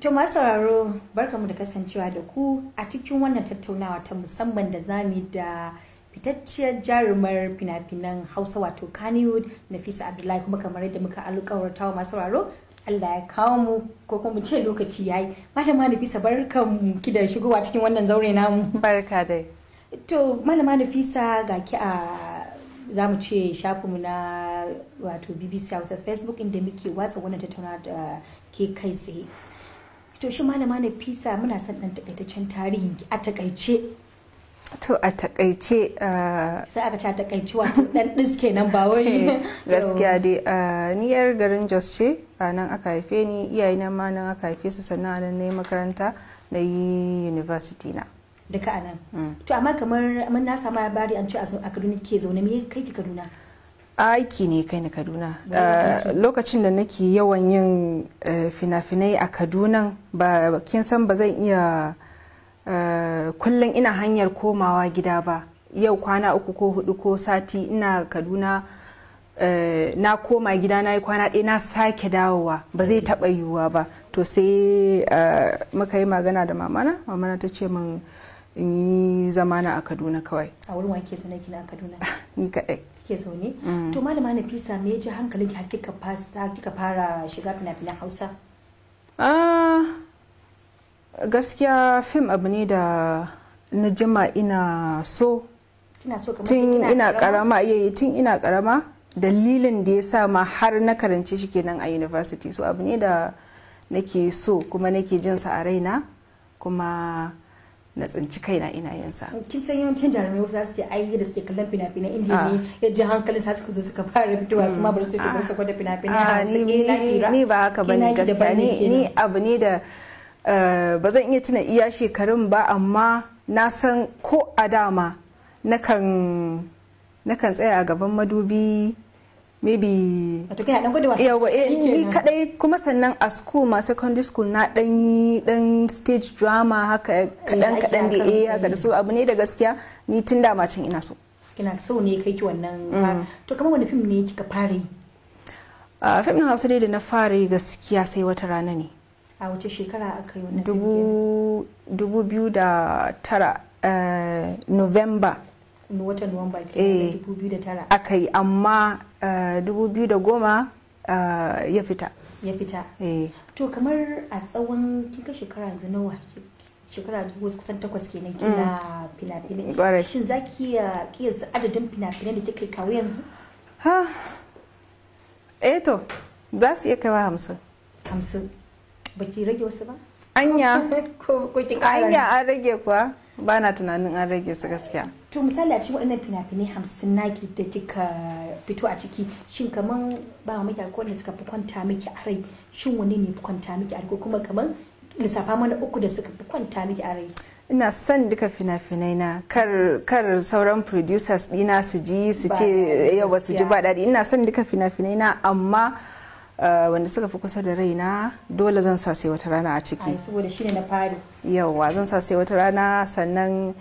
To masu sauraro barkamu da kasancewa da ku a cikin wannan tattaunawa ta musamman da zami da fitacciyar jarumar fina-finan Hausa wato Kannywood Nafisa Abdullahi kuma kamar yadda muka alƙawarta wa masu sauraro Allah ya kawo mu ko kuma mu ce lokaci ya yi Malama Nafisa barkamu ki da shigowa cikin wannan zaure namu. Barka dai. To Malama Nafisa ga ki a zamu ce shafinmu na wato bbc hausa facebook inda muke watsa wannan tattauna da uh, ke kai tsaye to shi malama na fisa muna son dan takaitaccen tarihin a takaice to a takaice uh, sai aka ce a takaice wato dan diske nan ba wai gaskiya dai uh, ni yar garin jos ce a nan aka haife ni iyayena ma nan aka haife su sannan a nan na yi makaranta na yi university na duka a nan mm. to amma kamar na samu labari an ce a kaduna ke zaune me kai ki kaduna aiki ne kai na kaduna eh, lokacin da nake yawan yin eh, fina-finai a kaduna ba kin san ba zan iya eh, kullum ina hanyar komawa gida ba yau kwana uku ko hudu ko sati ina kaduna na koma gida na yi kwana ɗaya na sake dawowa ba zai taɓa yiwuwa ba to sai muka yi magana da mamana mamana ta ce min in yi zamana a kaduna kawai a wurin wanke zaune na kaduna ni kaɗai kike zaune mm. to malama Nafisa me ya ji hankalinki har kika fasa kika fara shiga fina-finan Hausa ah, gaskiya fim abu ne da na jima ina so tun ina karama yayi eh, eh, tun ina karama dalilin da ya sa ma har na karance shi kenan a university so abu ne da nake so kuma nake jin sa a raina kuma na tsinci kaina ina yin sa kin san yawancin jarumai wasu su ce ai da suke kallon fina-finan indiya ah. ne ya ji hankalin sa suka zo suka fara fitowa su ma bar su ke bar su gwada fina-finan ah, eh, ni ba haka bane gaskiya ni abu ne da eh, ba zan iya tuna iya shekarun ba amma na san ko a dama nakan tsaya a gaban madubi maybe wato kina eh, ni kadai kuma sannan a school ma secondary school na dan yi dan stage drama haka kadan kadan da eh haka da eh. su abu ne da gaskiya ni tun da macin ina so kina so ne kai ki wannan mm. to kamar wani film ne kika fara yi a ah, film na Hausa dai da na fara yi gaskiya sai wata rana ne a wace shekara aka yi wannan dubu dubu biyu da tara eh, November watan nuwamba ke 2009 eh, aka yi amma 2010 eh, eh, ya fita ya fita to kamar a tsawon kika shekara yanzu nawa shekara wasu kusan takwas ke nan kina mm. fina-finai shin za ki iya kiyasta adadin fina-finai da take kawo yanzu ha eh to za su iya kaiwa hamsin hamsin ba ki rage wasu ba anya anya an rage kuwa ba na tunanin an rage su gaskiya to misali a cikin waɗannan fina-finai hamsin na da kika fito a ciki shin kaman ba miki ko suka fi kwanta miki a rai shin wani ne fi kwanta miki a rai kuma kaman lissafa mana uku da suka fi kwanta miki a rai ina son duka fina-finai na kar, kar sauran producers dina su ji su ce yau ba su ji ba daɗi ina son duka fina-finai na amma Eh, wanda suka fi kusa da raina dole zan sa sai wata rana a ciki saboda shine na fari yawa zan sa sai wata rana sannan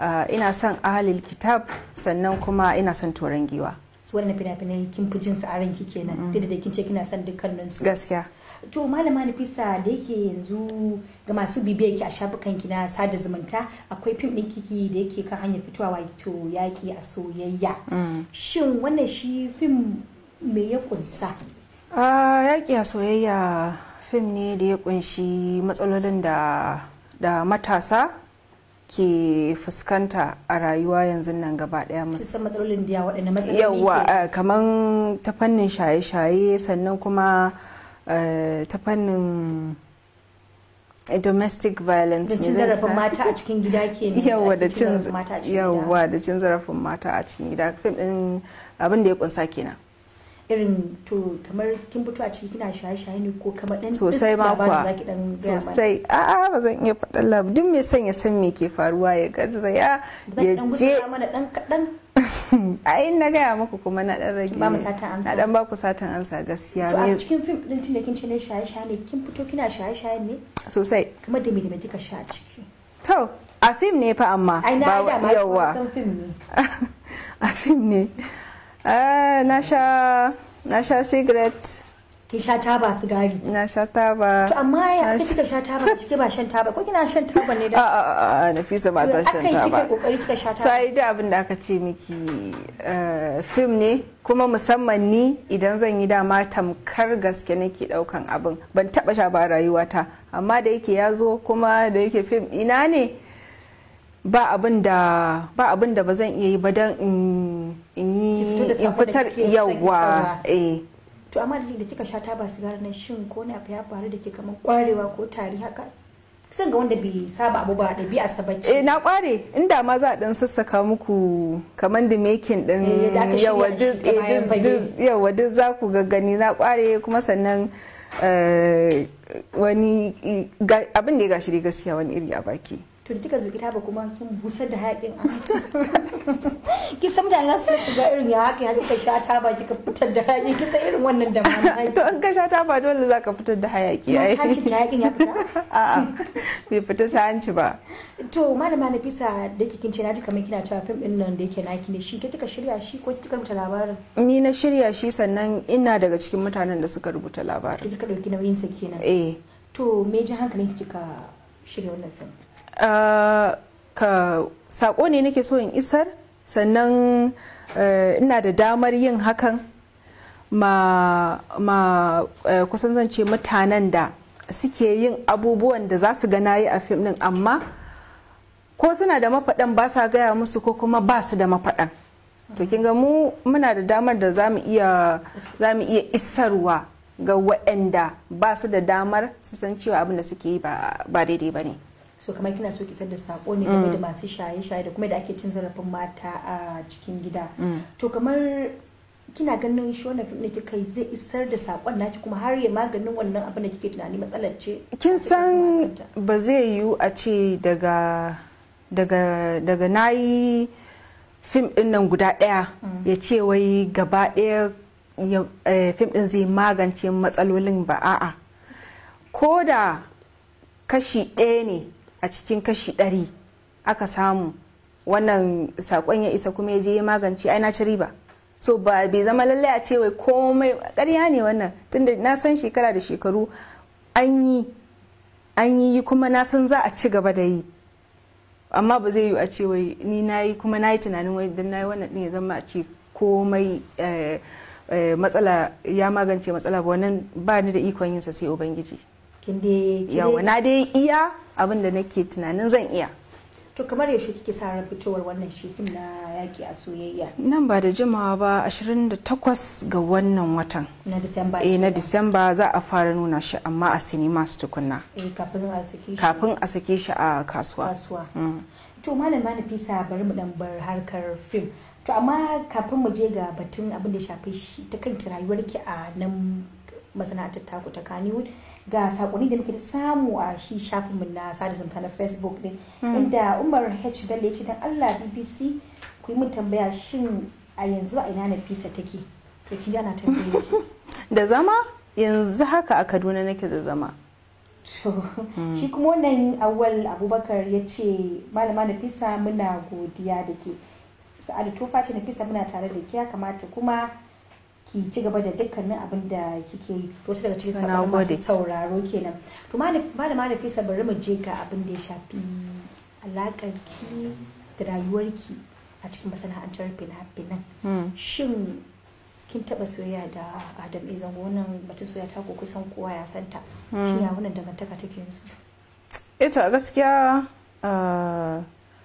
eh, ina son ahalil kitab sannan kuma ina son turan giwa su wannan fina-finai kin fi jin sa'arin kike kenan mm. duk da kin ce kina son dukkanin su gaskiya to malama nafisa da yake yanzu ga masu bibiya ki a shafukan ki na sada zumunta akwai fim din kiki da yake kan hanyar fitowa wato yaki a soyayya mm. shin wannan shi fim me ya kunsa yaƙi a soyayya fim ne da ya kunshi matsalolin da matasa ke fuskanta a rayuwa yanzu nan gaba daya yawa eh, kamar ta fannin shaye-shaye sannan kuma eh, ta fannin eh, domestic violence da cin zarafin mata a cikin gida ke yawa da cin zarafin mata a cikin gida fim din abin da ya kunsa kenan irin to kamar kin fito a ciki kina shaye-shaye ne ko kamar dan sosai ba kwa sosai a a ba zan iya faɗan labu duk me son ya san me ke faruwa ya garza ya ya je mana dan kadan a yin na gaya muku kuma na dan rage ba mu satan amsa na dan ba ku satan amsa gaskiya to a cikin film din tunda kin ce ne shaye-shaye ne kin fito kina shaye-shaye ne sosai kamar da me da me kika sha a ciki to a film ne fa amma ba yawa a film ne a film ne Ah, na sha na sha cigarette ki sha taba sigari na sha taba to amma ya kika sha taba kike ba shan taba ko kina shan taba ne da a a a Nafisa ba ta shan taba akai kike kokari kika sha taba to da abin da aka ce miki eh, film ne kuma musamman ni idan zan yi dama tamkar gaske nake daukan abin ban taba sha ba rayuwata amma da yake ya zo kuma da yake film ina ne ba abin da ba zan iya yi ba don in fitar yawa eh. to amma da da kika sha taba sigara na shin ko ne abu ya faru da ke kamar kwarewa ko tari haka kusan ga wanda bai saba abu ba da biya sabaci eh na kware inda ma za a dan sassaka muku kamar da mekin din yawa duk za ku gani na kware kuma sannan eh, wani eh, abin da ya gashi gaskiya wani iri a baki to da kika zo gida ba kuma kin busar da hayakin a ki san da na su ga irin ya haka ya kika sha ba kika fitar da hayaki kisa irin wannan da ma to an ka sha ba dole zaka fitar da hayaki ai hancin da hayakin ya fita a'a bai fita ta hanci ba to malama na fisa da kike ce na ji kamar kina cewa fim din nan da yake naki ne shi ke kika shirya shi ko kika rubuta labarin ni na shirya shi sannan ina daga cikin mutanen da suka rubuta labarin kika dauki nauyin sa kenan eh to me ji hankalin kika shirya wannan fim Eh, ka sako ne nake so in isar sannan eh, ina da damar yin hakan ma, ma eh, kusan zan mutanen da suke yin abubuwan da za su gana yi a fim din amma ko suna da mafaɗan ba sa gaya musu ko kuma ba su da mafaɗan to kin ga mu muna da damar da za mu iya isarwa ga waɗanda ba su da damar su san cewa abin da suke yi ba daidai ba ne so kamar kina so ki da sako ne game da mm. masu shaye-shaye da kuma da ake cin zarafin mata a cikin gida mm. to kamar kina ganin shi wannan fim da kika zai isar da sakon naki kuma har ya maganin wannan abin da kike tunani matsalar ce kin san ba zai yiwu a ce daga daga daga nayi fim din nan guda daya mm. ya ce wai gaba daya eh, fim din zai magance matsalolin ba a'a ko da kashi ɗaya ne a cikin kashi ɗari aka samu wannan sakon ya isa kuma ya je ya magance ai na ci riba so ba bai zama lallai a ce wai komai ƙarya ne wannan tunda na san shekara da shekaru an yi an yi kuma na san za a ci gaba da yi amma ba zai yi a ce wai ni na yi kuma na yi tunanin wai don na yi wannan ɗin ya zama a ce komai eh, eh, matsala ya magance matsala ba wannan ba ni da ikon yinsa sai ubangiji yawa na dai iya abin da nake tunanin zan iya to kamar yaushe kike sa ran fitowar wannan shifin na yaki a soyayya nan ba da jimawa ba 28 ga wannan watan na disamba eh na disamba za a fara nuna shi amma a sinima su tukunna eh, kafin a sake shi a sake shi a kasuwa kasuwa mm. to malama fisa bari mu dan bar harkar fim to amma kafin mu je ga batun abin da shafi shi ta kanki rayuwarki a nan masana'antar taku ta Kannywood ga sakonni da muke samu a shi shafinmu na sada zumunta na facebook din hmm. inda umar h bello ya ce dan allah bbc ku yi mun tambaya shin a yanzu a ina nafisa take to kin ji ana tambaye da zama yanzu haka a kaduna nake da zama hmm. shi kuma wannan awal abubakar ya ce malama nafisa muna godiya da ke sa'adu tofa ce nafisa muna tare da ke ya kamata kuma ki ci gaba da dukkanin abin da kike yi wasu daga cikin sabon masu sauraro kenan to malam da fisa bari mu je ga abin da ya shafi alakar ki da rayuwarki a cikin masana'antar fina-finan hmm. shin kin taba soyayya da adam e zango wannan soyayya ta ko kusan kowa ya santa hmm. shi ya wannan mataka take yanzu ita eh a gaskiya ah,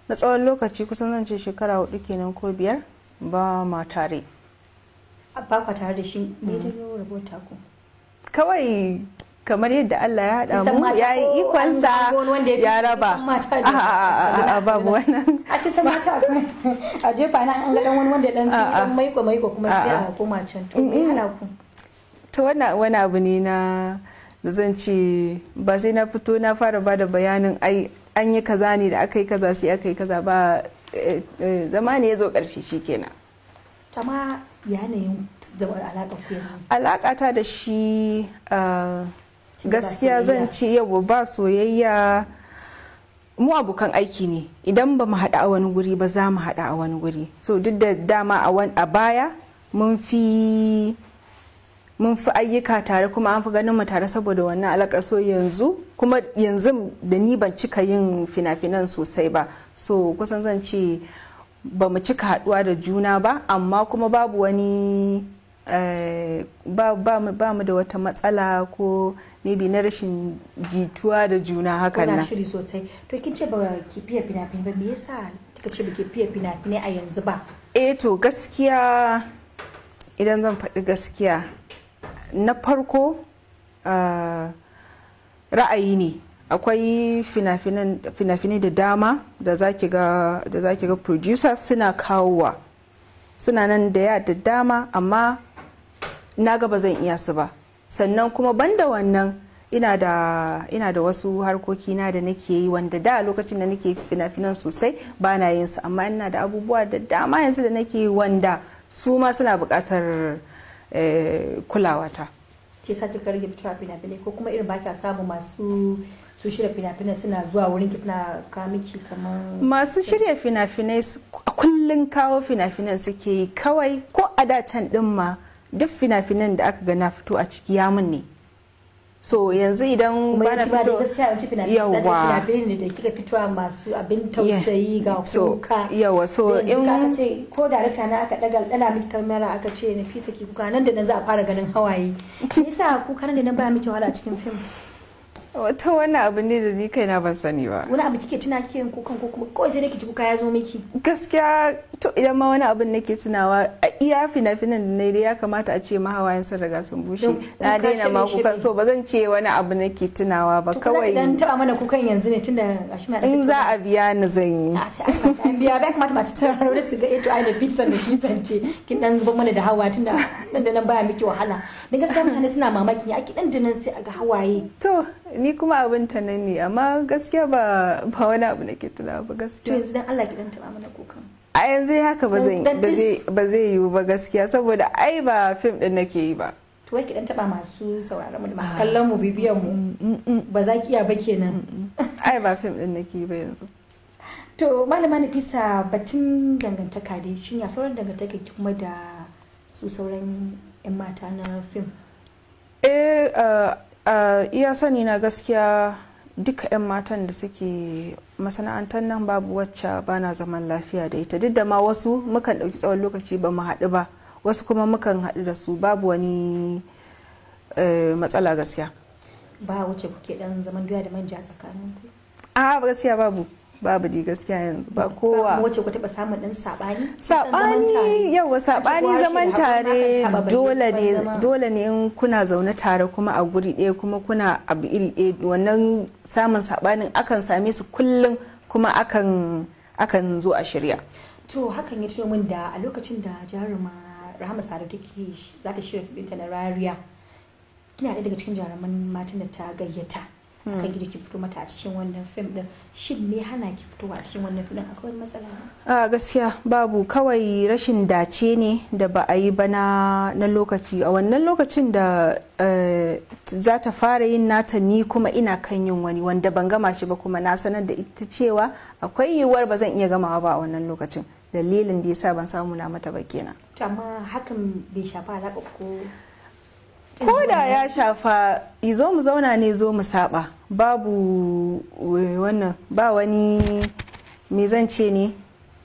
na tsawon lokaci kusan zan ce shekara hudu kenan ko biyar ba ma tare baka tare da shi me ta biyo mm. rabota ku kawai kamar yadda Allah ya haɗa mu ya yi ikonsa ya raba a babu wannan a ki san mata a jefa na an ga wani wanda dan dan maiko maiko kuma sai a koma can to me hana ku to wannan wani abu ne na da zan ce ba sai na fito na fara bada bayanin ai an yi kaza ne da aka yi kaza sai aka yi kaza ba eh, eh, zama ne ya zo karshe shikenan kama yanayin alaƙa ta da shi gaskiya zan ce yau ba soyayya mu abokan aiki ne idan ba mu haɗa a wani guri ba za mu haɗa a wani guri so duk da dama a baya mun fi mun fi ayyuka tare kuma an fi ganin mu tare saboda wannan alakar so yanzu kuma yanzu da ni ban cika yin fina-finan sosai ba so kusan zan ce ba mu cika haduwa da juna ba amma kuma babu wani eh, ba, mu da wata matsala ko maybe na rashin jituwa da juna hakan na shiri sosai to kin ce ba ki fiye fina-finai ba me yasa kika ce ba fiye fina-finai a yanzu ba eh to gaskiya idan zan faɗi gaskiya na farko ah, ra'ayi ne akwai fina-finai da dama da za ki ga producers suna kawowa suna nan da ya da dama amma na ga ba zan iya su ba sannan kuma banda wannan ina da wasu harkoki na da nake yi wanda da lokacin da nake fina-finan sosai ba na yin su amma ina da abubuwa da dama yanzu da nake yi wanda su ma suna bukatar eh, kulawata ke sa kika rage fitowa fina-finai ko kuma irin ba kya samu masu su shirya fina-finai suna zuwa wurin ki suna kamiki kamar masu shirya fina-finai a kullun kawo fina-finan suke yi kawai ko a da din ma duk fina-finan da aka gana fito a ciki ya mun ne so yanzu idan ba na fito yawa da kika fitowa masu abin tausayi ga kuka yawa so in ko darakta na aka daga dala miki kamera aka ce na fisa ki kuka nan da na za a fara ganin hawaye me yasa kuka nan da na ba miki wahala cikin fim wato wannan abu ne da ni kai na ban sani ba wani abu kike tuna kiyan kukan ko kuma kawai sai dai ki kuka ya zo miki gaskiya to idan ma wani abu nake tunawa iya fina-finan da na ya kamata a ce mahawayen sun riga sun bushe na daina ma kukan so ba zan ce wani abu ke tunawa ba kawai dan taba mana kukan yanzu ne tunda gashi na in za a biya ni zan yi ah, biya ba kamata masu tararo su ga eto ainihin pizza da shi zance kin dan zuba mana da hawa tunda dan da nan baya miki wahala dan gaskiya mutane suna mamaki a ki da nan sai a ga hawaye to ni kuma abin ta nan ne amma gaskiya ba ba wani abu ke tunawa ba gaskiya to yanzu dan Allah ki dan taba mana kukan a yanzu haka ba zai yiwu ba gaskiya saboda ai ba fim din nake yi ba to wai ki taba masu sauraron mu da masu ah. kallon mu bibiyan mu mm, mm, mm. ba za ki iya ba kenan ai ba fim din nake yi ba yanzu to malama fisa batun dangantaka dai ne ya sauran dangantaka ki kuma da su sauran yan mata na fim eh iya sani na gaskiya duka 'yan matan da suke masana'antar nan babu wacce bana zaman lafiya da ita duk da ma wasu mukan ɗauki tsawon lokaci ba mu haɗu ba wasu kuma mukan haɗu da su babu wani eh, matsala gaskiya ba wacce kuke dan zaman doya da manja tsakanin ku a gaskiya babu babu di gaskiya yanzu ba kowa ba wace ku taba samun din sabani sabani yawa sabani zaman tare dole ne dole ne in kuna zaune tare kuma a guri ɗaya kuma kuna abu iri ɗaya wannan samun sabanin akan same su kullum kuma akan akan zo a shirya to hakan ya ce min da a lokacin da jaruma rahama sadu take za ta shirya fidinta na rariya kina ɗaya daga cikin jaruman matan da ta gayyata aka mm. gida ki fito mata a cikin wannan fim din shin me hana ki fito a cikin wannan fim akwai matsala a gaskiya babu kawai rashin dace ne da ba a yi ba na lokaci a wannan lokacin da eh, za ta fara yin nata ni kuma ina kan yin wani wanda ban gama shi ba kuma na sanar da ita cewa akwai yiwuwar ba zan iya gamawa ba a wannan lokacin dalilin da yasa ban samu na mata ba kenan to amma hakan bai shafa alaƙa ko ko da ya shafa izo mu zauna ne zo mu saba babu eh, wannan ba wani me zan ce ne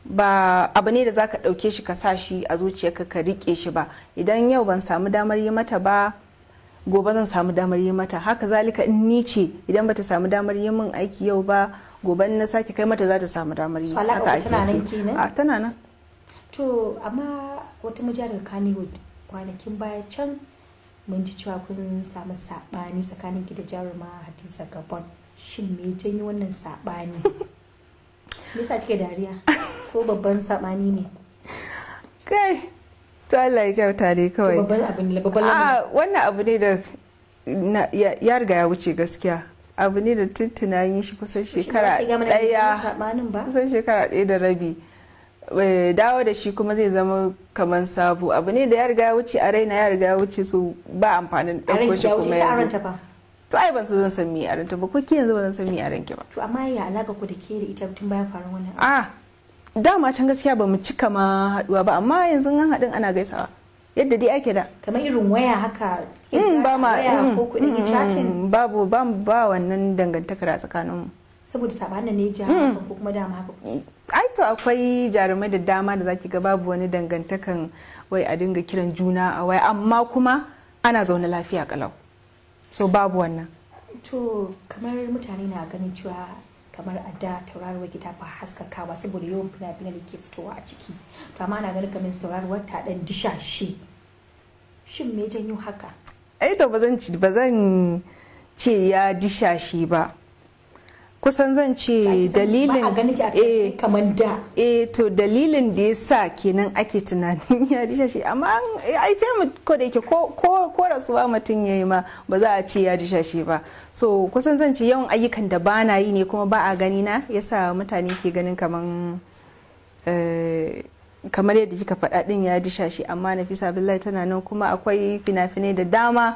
ba abu ne da zaka dauke shi ka sa shi a zuciyarka ka rike shi ba idan yau ban samu damar yi mata ba gobe zan samu damar yi mata haka zalika in ni ce idan bata samu damar yi min aiki yau ba gobe na sake kai mata za ta samu damar yi haka kenan a tana nan to amma wata mujarar kanewood kwanakin baya can mun ji cewa kun samu saɓani tsakanin gida da jaruma hadiza gabon shin me janyo wannan saɓani me sa kike dariya ko babban saɓani ne kai to Allah ya kyauta ne kawai babban abu ne babban wannan abu ne da ya riga ya wuce gaskiya abu ne da tuntuna yin shi kusan shekara ɗaya kusan shekara ɗaya da rabi Eh, dawo da shi kuma zai zama kamar sabu abu ne da ya riga ya wuce a raina ya riga ya wuce su ba amfanin ɗauko shi kuma yanzu to ai ban zan san mi a ranta ba ko ke yanzu ban san mi a ki ba to amma ya alaka ku da ke da ita tun bayan faruwar wannan a ah, dama can gaskiya ba mu cika ma haduwa ba amma yanzu an haɗin ana gaisawa yadda dai ake da kamar irin waya haka mm, ba ma ko mm, kuɗi mm, chatting babu ba ba wannan dangantakar a tsakaninmu saboda sabanin ne ja ko kuma dama haka ai to akwai jarumai da dama da zaki ga babu wani dangantakan wai a dinga kiran juna a wai amma kuma ana zaune lafiya kalau so babu wannan to kamar mutane na ganin cewa kamar a da tauraruwar gida ba haskakawa saboda yawan fina fina da ke fitowa a ciki to amma na ganin kamar tauraruwar ta dan dishashe shin me janyo haka ai eh to ba zan ce ya shi ba kusan zan ce dalilin eh. da eh, to dalilin da ya sa kenan ake tunanin ya disha shi amma ai sai mu ko da yake ko rasuwa mutum ya yi ma ba za a ce ya disha shi ba so kusan zan ce yawan ayyukan da ba na yi ne kuma ba a gani na yasa mutane ke ganin kamar eh, kamar yadda kika faɗa din ya disha shi amma nafisa billahi tana nan kuma akwai fina-finai da dama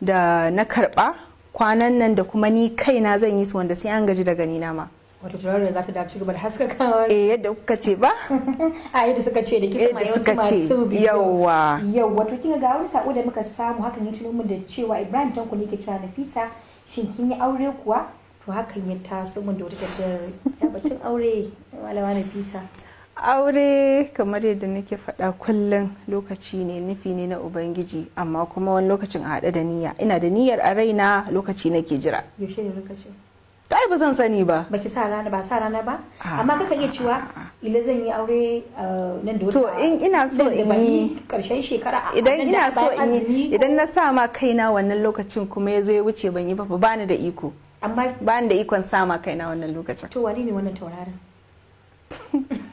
da na karɓa kwanan nan da kuma ni kaina zan yi su wanda sai an gaji daga ni nama wato turare za ta dace gaba da haskakawa eh yadda kuka ce ba a yadda suka ce da kisa mai yawanci su biyu Yawwa. Yawwa to kinga ga wani sako da muka samu hakan ya tuno mu da cewa Ibrahim Tanko ne ke cewa Nafisa shin kin yi aure kuwa to hakan ya taso mun da wata tafiyar batun aure malama Nafisa aure kamar yadda nake faɗa kullum lokaci ne nufi ne na ubangiji amma kuma wani lokacin a da niyya ina da niyyar a raina lokaci nake jira yaushe ne lokacin ai ba zan sani ba baki sa rana ba sa rana ba ah. amma kaka iya cewa ila zan yi aure uh, nan da wata to in ina so in yi karshen shekara idan ina so in yi idan na sa ma kaina wannan lokacin kuma ya zo ya wuce ban yi ba ba ni da iko amma ba ni da ikon sa ma kaina wannan lokacin to wani ne wannan tauraron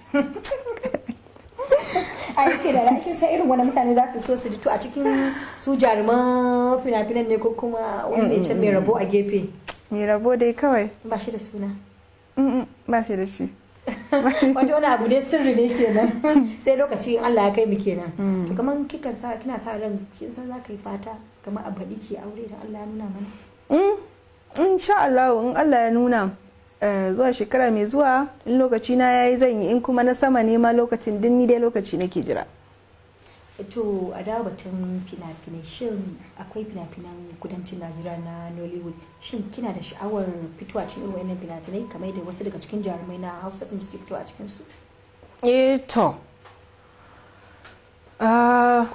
a yake da ake sa irin wani mutane za su so su ji a cikin su jaruman fina-finan ne ko kuma wanda ya ce mai rabo a gefe mai rabo dai kawai ba shi da suna ba shi da shi wato wani abu dai sirri ne kenan sai lokaci in Allah ya kai mu kenan mm. to kamar kikan sa kina sa ran kin san ka yi fata kamar abadi ke aure da Allah ya nuna mana mm, in sha Allah in Allah ya nuna Eh, zuwa shekara mai zuwa in lokaci na yayi zan yi in kuma na sama ne ma lokacin din ni dai lokaci nake jira eh, to a da batun fina-finai shin akwai fina-finan kudancin najeriya na nollywood shin kina da sha'awar fitowa cikin irin wannan fina-finai kamar da wasu daga cikin jarumai na hausa din suke fitowa a cikin su eh to Ah,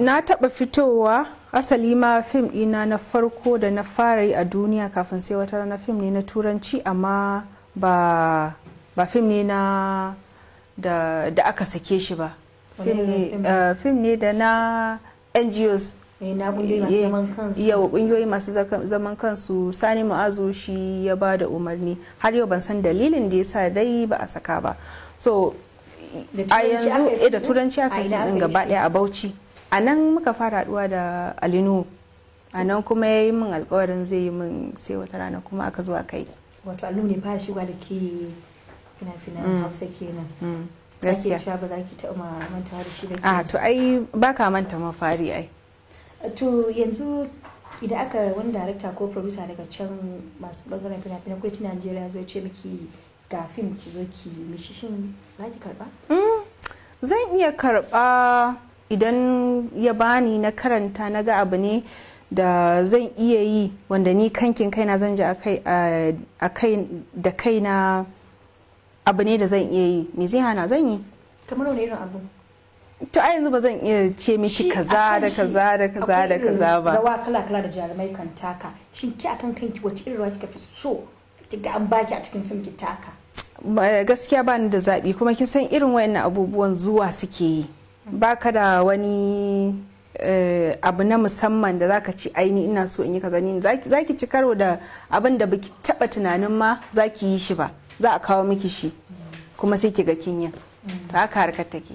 na taba fitowa asali ma fim ɗina na farko da na fara yi a duniya kafin sai wata rana fim ne na turanci amma ba ba fim ne na da, aka sake shi ba eh, fim ne da na ngos eh, eh, yau kungiyoyi masu zaman kansu sani ma'azo shi ya ba da umarni har yau ban san dalilin da ya sa dai ba a saka ba so a yanzu eh, da turanci aka yi din gaba daya a Bauchi a nan muka fara haduwa da Alinu a nan kuma ya yi min alkawarin zai yi min sai wata rana kuma aka zuwa kai wato Alinu ne fara shiga da ke fina-finan mm. Hausa kenan mm. gaskiya ba za ki taɓa mantawa da shi ba a ah, to ai ka manta fari ai to yanzu idan aka wani darakta ko producer daga can masu bangaren fina-finan kudancin najeriya zo ce miki ga fim ki zo ki mishi shin za ki karba? Mm, zan iya karba idan ya bani na karanta na ga abu ne da zan iya yi wanda ni kankin kaina zan ji a kai da kaina abu ne da zan iya yi me zai hana zan yi kamar wani irin abu to a yanzu ba zan iya ce miki kaza da kaza da kaza da kaza ba rawa kala kala da jarumai kan taka shin ki akan kanki wace irin rawa kika fi so kiga an baki a cikin fim taka gaskiya bani da zaɓi kuma kin san irin wayannan abubuwan zuwa suke yi baka da wani eh, abu na musamman da zaka ci aini ina so in yi kaza ni zaki ci karo da abin da baki taba tunanin ma zaki yi shi ba za a kawo miki shi kuma sai ki ga kin yi haka harkar take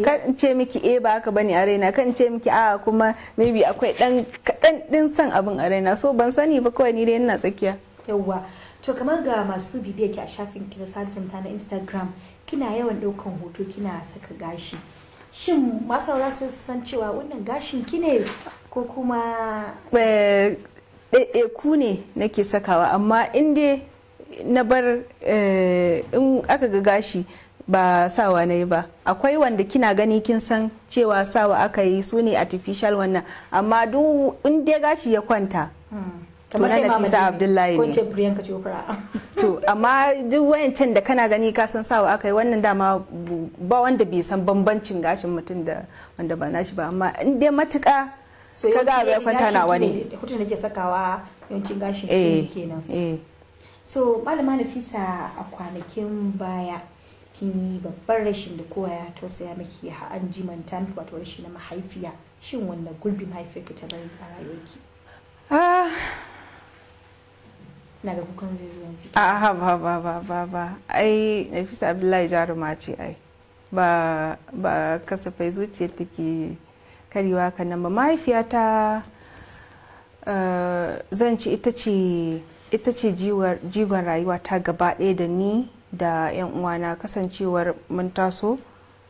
kan ce miki eh ba haka bane a raina kan ce miki a ah, kuma maybe akwai dan kadan din san abin a raina so ban sani ba kawai ni dai ina tsakiya yawwa to kamar ga masu bibiya ki a shafin ki na sada na Instagram kina yawan daukan hoto kina saka gashi shin masu aura su san cewa wannan gashin ki ne ko kuma eh, ku ne nake sakawa amma in dai na bar eh, in aka ga gashi ba sawa na ba akwai wanda kina gani kin san cewa sawa aka yi su ne artificial wannan amma duk in dai gashi ya kwanta hmm. kamar kai Nafisa Abdullahi ne. Ko ce Priyanka To amma duk wayancan da kana gani ka san sawa aka yi wannan dama ba wanda bai san bambancin gashin mutum da wanda ba nashi ba amma in dai matuka kaga ya kwanta na wani. Hutun da ke sakawa yawancin gashin eh, kenan. Eh. So malama Nafisa a kwanakin baya kin yi babban rashin da kowa ya tausaya miki ha an jiman miki wato rashi na mahaifiya shin wannan gurbin mahaifiyarki ta bari a rayuwarki ah. na ga kukan zai zo yanzu ah, a ba ba ba ba ba ai nafisa abdullahi jaruma ce ai ba ba kasafai zuciyar take karewa kan nan ba mahaifiyata eh, zan ci ita ce ita ce jigon rayuwa ta gaba ɗaya da ni da 'yan uwana kasancewar mun taso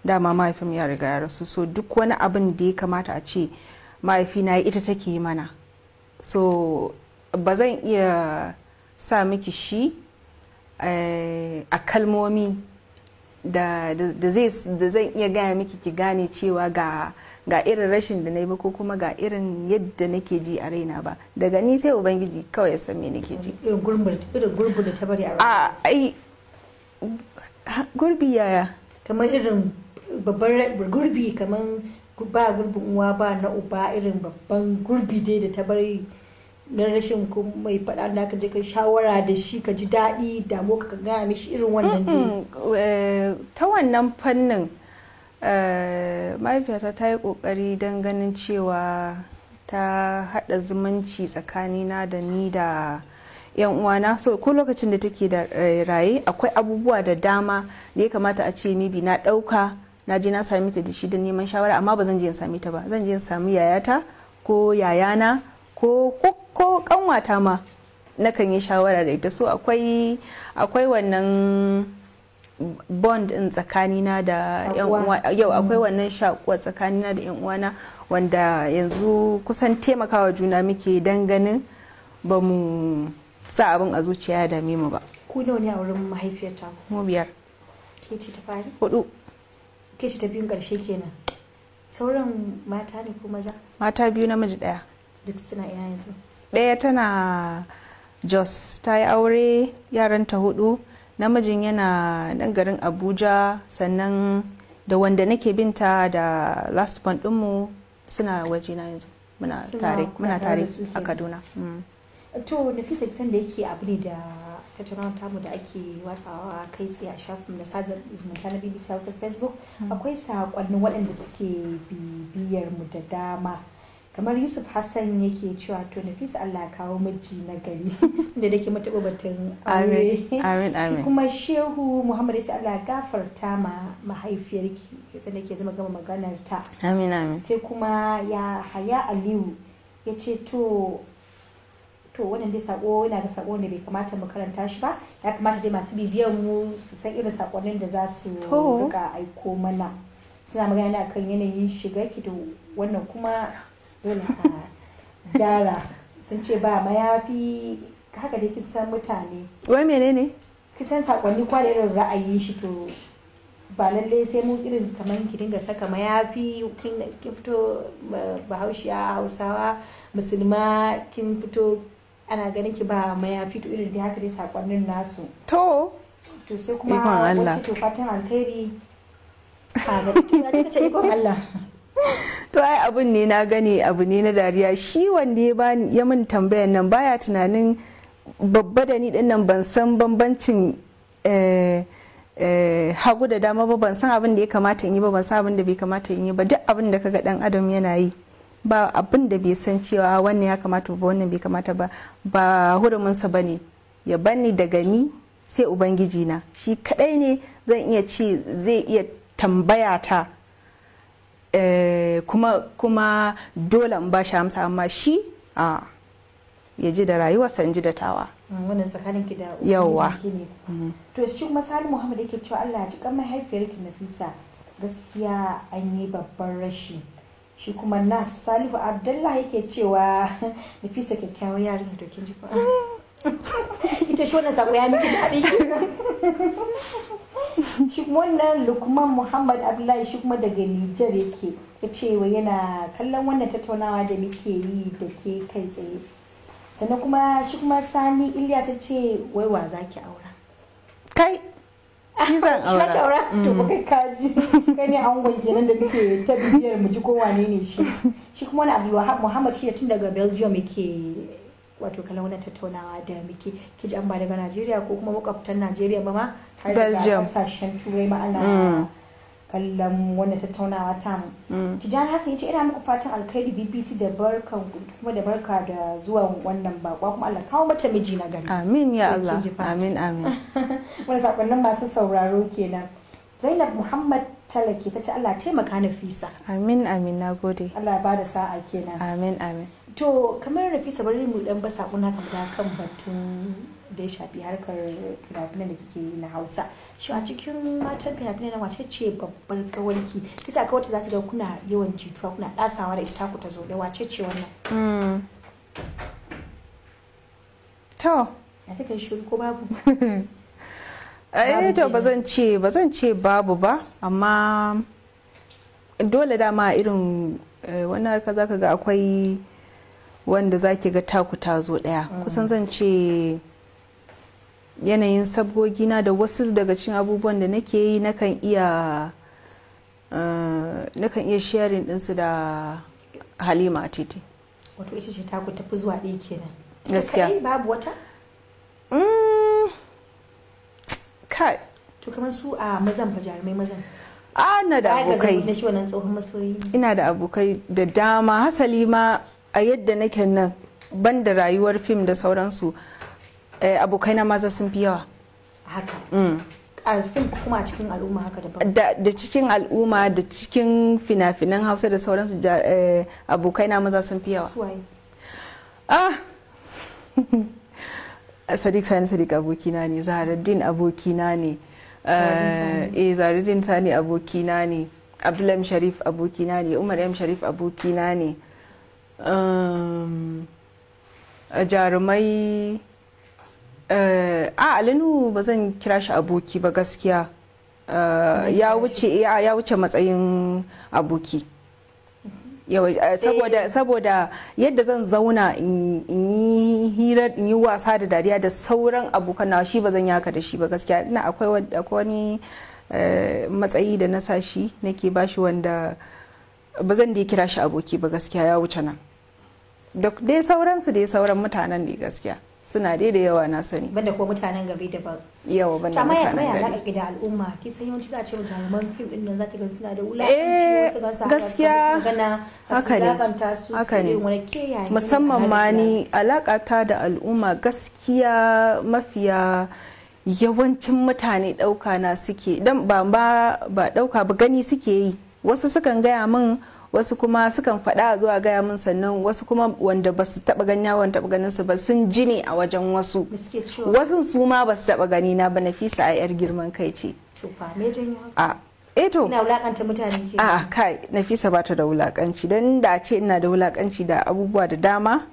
dama mahaifin ya riga ya rasu so duk wani abin da ya kamata a ce mahaifina ita take yi mana so ba zan iya sa miki shi eh, a kalmomi da zan iya gaya miki ki gane cewa ga ga irin rashin da na yi ba ko kuma ga irin yadda nake ji a raina ba daga ni sai ubangiji kawai ya san me nake ji irin gurbin da ta bari a gurbi yaya kamar irin babban gurbi kamar ba gurbin uwa ba na uba irin babban gurbi dai da ta bari na rashin ko mai faɗa da ka je ka shawara da shi ka ji daɗi damu ka gaya mishi irin wannan dai eh, ta wannan fannin eh, mahaifiyata ta yi ƙoƙari don ganin cewa ta haɗa zumunci tsakanina da ni da yan uwana so ko lokacin da take da eh, raye akwai abubuwa da dama da ya kamata a ce mibi na ɗauka na je na sami ta da shi da neman shawara amma ba zan je in sami ta ba zan je in sami yayata ko yayana ko ko kanwata ma kan yi shawara da ita so akwai akwai wannan bond in tsakanina da yan uwa yau akwai mm. wannan shakuwa na da yan uwana wanda yanzu kusan taimakawa juna muke danganin ba mu sa abin a zuciya ya dame mu ba ku nawa ne a wurin mahaifiyar ta mu biyar ke ce ta fari hudu ke ce ta biyun karshe kenan sauran mata ne ko maza mata biyu namiji daya duk suna ina yanzu daya tana jos ta yi aure yaranta hudu namijin yana nan garin abuja sannan da wanda nake binta da last point dinmu suna waje na yanzu muna tare a kaduna mm. to na fi san da yake abu ne da tattaunawar tamu da ake watsawa kai tsaye a shafin da sajar zumunta na bbc hausa facebook hmm. akwai sakonnin waɗanda suke bibiyar mu da dama kamar yusuf hassan yake cewa to nafis allah kawo miji na gari da dake mataɓa batun amin kuma shehu muhammad ya ce allah gafarta ma mahaifiyarki sanda ke zama gama maganar ta amin amin sai kuma ya haya aliyu ya ce to to wannan dai sako yana da sako ne bai kamata mu karanta shi ba ya kamata dai masu bibiyan mu su san irin sakonnin da za su rika aiko mana suna magana ne akan yanayin shiga ki da wannan kuma dole a gyara sun ce ba mayafi haka dai kisan mutane wai menene kisan sakonni kwa da irin ra'ayin shi to ba lallai sai mu irin kamar ki dinga saka mayafi kin fito bahaushiya hausawa musulma kin fito ana ganin ki ba ya fito irin da haka dai sakonnin nasu to to sai kuma wacce to fatan alkhairi a ga ta Allah to ai abun ne na gane abu ne na dariya shi wanda ya bani ya min tambayan nan baya tunanin babba da ni dinnan ban san bambancin eh, eh, hagu da dama ba ban san abin da ya kamata in yi ba ban san abin da bai kamata in yi ba duk abin da kaga dan adam yana yi ba abin da bai san cewa wannan ya kamata ba wannan bai kamata ba ba huruminsa ba ne ya bani daga ni sai ubangiji na shi kadai ne zan iya ce zai iya tambaya ta eh, kuma kuma dole ba shi amsa amma shi a ya ji da rayuwa san ji da tawa mm, wannan tsakanin ki da mm-hmm. to shi kuma sani muhammad yake cewa Allah ya ji kan mahaifiyarki nafisa gaskiya an yi babban rashi shi kuma nas salihu abdullahi yake cewa nafisa kyakkyawar yarin da kin ji ita shi wannan sako ya miki daɗi shi kuma wannan lukman muhammad abdullahi shi kuma daga nijar yake ta cewa yana kallon wannan tattaunawa da muke yi da ke kai tsaye sannan kuma shi kuma sani iliya sun ce wai wa zaki aura kai shi zan aura to mm. kai kaji kai ne angon kenan da kake ta bibiyar mu ji ko wane ne shi shi kuma wani Abdulwahab Muhammad shi tun daga Belgium yake wato kala wannan tattaunawa da muke ki an ba daga Najeriya ko kuma makwabtan Najeriya ba ma har da Turai ma Allah mm. kallon wani tattaunawa ta mu. Mm. Tijjani Hassan ya ce ina muku fatan alkhairi BBC da barka kuma da barka da zuwa wannan bakwa kuma Allah kawo mata miji na gari. Amin ya Allah. Amin amin. Wani sakonnin masu sauraro kenan. Zainab Muhammad Talake ta ce Allah taimaka na fisa. Amin amin na gode. Allah ba da sa'a kenan. Amin amin. To kamar Rafisa bari mu dan ba sakuna kan batun da ya shafi harkar fina da kike yi na hausa shi a cikin matan fina fina na wace ce babbar kawarki kisa ka wata za ta ga kuna yawan jituwa kuna dasawa da ita ku ta zo da wace ce wannan hmm. to ya ta kai shiru ko babu eh to ba zan ce ba zan ce babu ba amma dole dama irin eh, wannan harka zaka ga akwai wanda zaki ga taku ta zo daya mm. kusan zan ce yanayin sabgogina da wasu daga cin abubuwan da nake yi nakan iya eh, iya sharing ɗinsu da halima a titi wato ita ce ta kuta tafi zuwa ɗaya kenan gaskiya babu wata mm, kai to kamar su a mazan ba jarumai mazan a na da abokai ina da abokai da dama hasali ma a yadda nake nan ban da rayuwar fim da sauransu Eh, abokaina maza sun fi yawa haka mm. kuma a cikin al'umma haka daban da cikin al'umma da cikin fina-finan hausa da sauransu eh, abokaina maza sun fi yawa ah sadiq sani sadiq abokina ne Zahararrin abokina ne eh Zahararrin eh, sani abokina ne abdullahi sharif abokina ne umar m sharif abokina ne um, jarumai Eh, a alinu ba zan kira shi aboki ba gaskiya eh, ya wuce matsayin aboki eh, saboda yadda zan zauna in yi wasa da dariya da sauran abokan na shi ba zan yaka da shi ba gaskiya ina akwai wani matsayi da na sashi nake bashi wanda ba zan da kira shi aboki ba gaskiya ya wuce nan da dai sauransu dai sauran mutanen ne gaskiya suna dai da yawa na sani banda ko mutanen gari da daban yawa banda mutanen gari amma ya alaka da al'umma ki san yawanci za a ce mu jaruman fim din nan za ta ga suna da wulakanci eh, wasu ga sa gaskiya haka ne haka ne musamman ma ni alaƙa ta da al'umma gaskiya mafiya yawancin mutane dauka na suke dan ba ba dauka ba gani suke yi wasu sukan gaya min wasu kuma sukan faɗa zuwa gaya mun sannan wasu kuma wanda ba su taɓa gani yawon taɓa ganin su ba sun ji ne a wajen wasu wasu su ma ba su taɓa gani na ba nafisa a yar girman kai ce a eto eh ina wulakanta mutane ke a kai nafisa ba ta da wulakanci dan da a ce ina da wulakanci da abubuwa da dama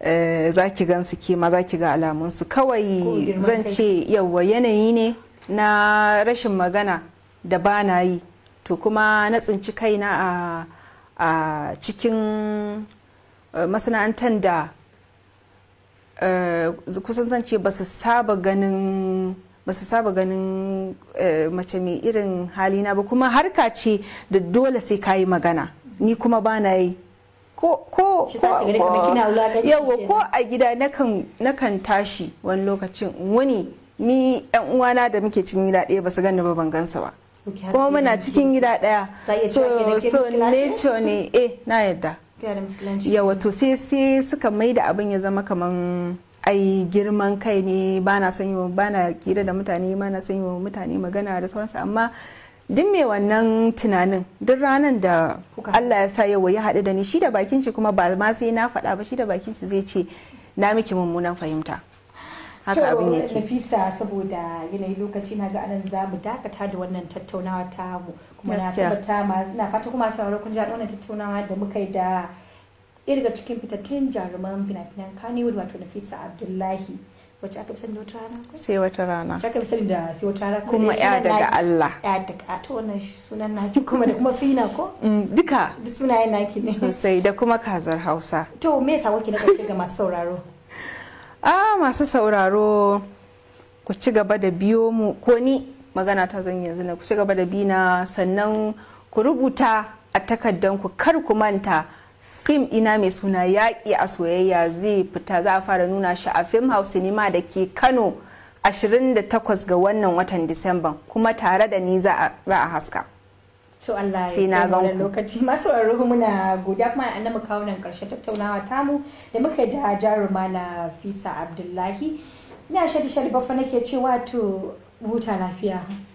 eh, za ki gan su ke ma za ki ga alamun su kawai zan ce yawa yanayi ne na rashin magana da ba na yi to kuma na tsinci kaina a cikin eh, masana'antar da eh, kusan zance ba su saba ganin ba su saba ganin eh, mace mai irin halina ba kuma harka ce da dole sai kayi magana ni kuma ba na yi ko a gida nakan tashi wani lokacin wani ni yan uwana da muke cikin gida ɗaya ba su gani ba ban gansa ba kuma muna cikin gida daya so nature ne eh na yadda ya wato sai sai suka mai da abin ya zama kaman ai girman kai ne bana son ba na kira da mutane bana son mutane magana da sauransu amma duk mai wannan tunanin duk ranan da Allah ya sa yau ya haɗu da ni shi da bakin shi kuma ba ma sai na faɗa ba shi da bakin shi zai ce na miki mummunan fahimta haka abin yake nafisa saboda yanayi lokaci na ga anan za mu dakata da wannan tattaunawa ta mu kuma na tabbata ma na fata kuma sauraro kun ji wannan tattaunawa da muka yi da irga cikin fitattun jaruman fina-finan wadda wato nafisa abdullahi wacce aka fi sani da wata rana sai wata rana wacce aka fi sani da sai wata rana kuma ya daga Allah ya daga to wannan sunan naki kuma da kuma sina ko mm, duka duk sunayen naki ne sosai da kuma kazar Hausa to me yasa wake na kace ga masu sauraro a ah, masu sauraro ku ci gaba da biyo mu ko ni magana ta zan yanzu na ku ci gaba da na sannan ku rubuta a takardan ku kar ku manta fim ina mai suna yaƙi a soyayya zai fita za a fara nuna shi a fim house cinema da ke kano 28 ga wannan watan disamban kuma tare da ni za a haska. to Allah ya na ga lokaci masu ruhu muna godiya kuma an mu kawo nan karshe tattaunawa tamu da muka da jaruma na Fisa Abdullahi ina shadi shadi bafa nake cewa to huta lafiya